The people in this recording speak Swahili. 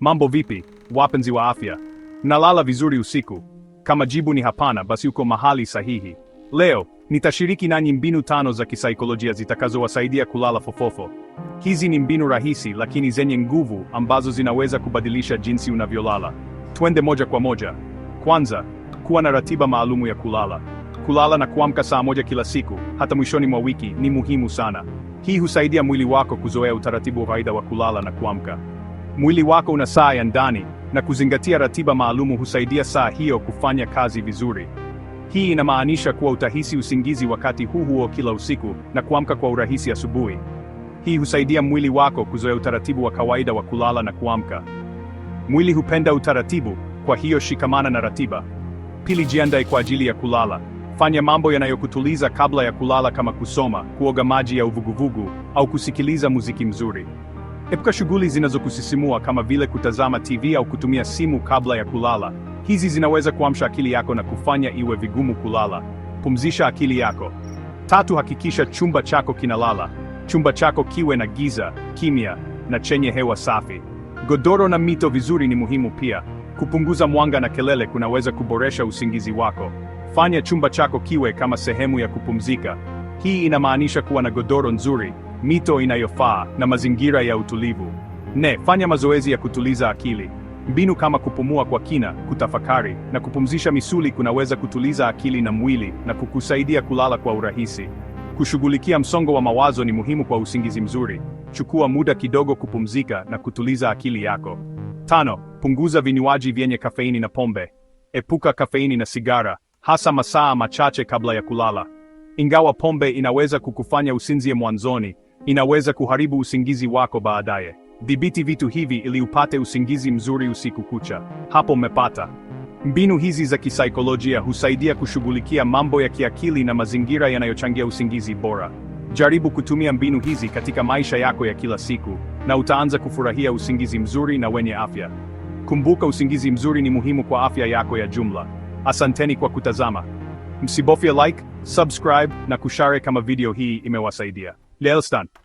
Mambo vipi, wapenzi wa afya? Nalala vizuri usiku? Kama jibu ni hapana, basi uko mahali sahihi. Leo nitashiriki nanyi mbinu tano za kisaikolojia zitakazowasaidia kulala fofofo. Hizi ni mbinu rahisi lakini zenye nguvu ambazo zinaweza kubadilisha jinsi unavyolala. Twende moja kwa moja. Kwanza, kuwa na ratiba maalumu ya kulala. Kulala na kuamka saa moja kila siku, hata mwishoni mwa wiki, ni muhimu sana. Hii husaidia mwili wako kuzoea utaratibu wa kawaida wa kulala na kuamka. Mwili wako una saa ya ndani na kuzingatia ratiba maalumu husaidia saa hiyo kufanya kazi vizuri. Hii inamaanisha kuwa utahisi usingizi wakati huu huo kila usiku na kuamka kwa urahisi asubuhi. Hii husaidia mwili wako kuzoea utaratibu wa kawaida wa kulala na kuamka. Mwili hupenda utaratibu, kwa hiyo shikamana na ratiba. Pili, jiandae kwa ajili ya kulala. Fanya mambo yanayokutuliza kabla ya kulala kama kusoma, kuoga maji ya uvuguvugu au kusikiliza muziki mzuri. Epuka shughuli zinazokusisimua kama vile kutazama TV au kutumia simu kabla ya kulala. Hizi zinaweza kuamsha akili yako na kufanya iwe vigumu kulala. Pumzisha akili yako. Tatu, hakikisha chumba chako kinalala. Chumba chako kiwe na giza, kimya na chenye hewa safi. Godoro na mito vizuri ni muhimu pia. Kupunguza mwanga na kelele kunaweza kuboresha usingizi wako. Fanya chumba chako kiwe kama sehemu ya kupumzika. Hii inamaanisha kuwa na godoro nzuri, mito inayofaa na mazingira ya utulivu. ne fanya mazoezi ya kutuliza akili. Mbinu kama kupumua kwa kina, kutafakari na kupumzisha misuli kunaweza kutuliza akili na mwili na kukusaidia kulala kwa urahisi. Kushughulikia msongo wa mawazo ni muhimu kwa usingizi mzuri. Chukua muda kidogo kupumzika na kutuliza akili yako. Tano, punguza vinywaji vyenye kafeini na pombe. Epuka kafeini na sigara, hasa masaa machache kabla ya kulala. Ingawa pombe inaweza kukufanya usinzie mwanzoni, inaweza kuharibu usingizi wako baadaye. Dhibiti vitu hivi ili upate usingizi mzuri usiku kucha. Hapo umepata. Mbinu hizi za kisaikolojia husaidia kushughulikia mambo ya kiakili na mazingira yanayochangia usingizi bora. Jaribu kutumia mbinu hizi katika maisha yako ya kila siku na utaanza kufurahia usingizi mzuri na wenye afya. Kumbuka, usingizi mzuri ni muhimu kwa afya yako ya jumla. Asanteni kwa kutazama. Msibofia like, subscribe na kushare kama video hii imewasaidia. Liechtenstein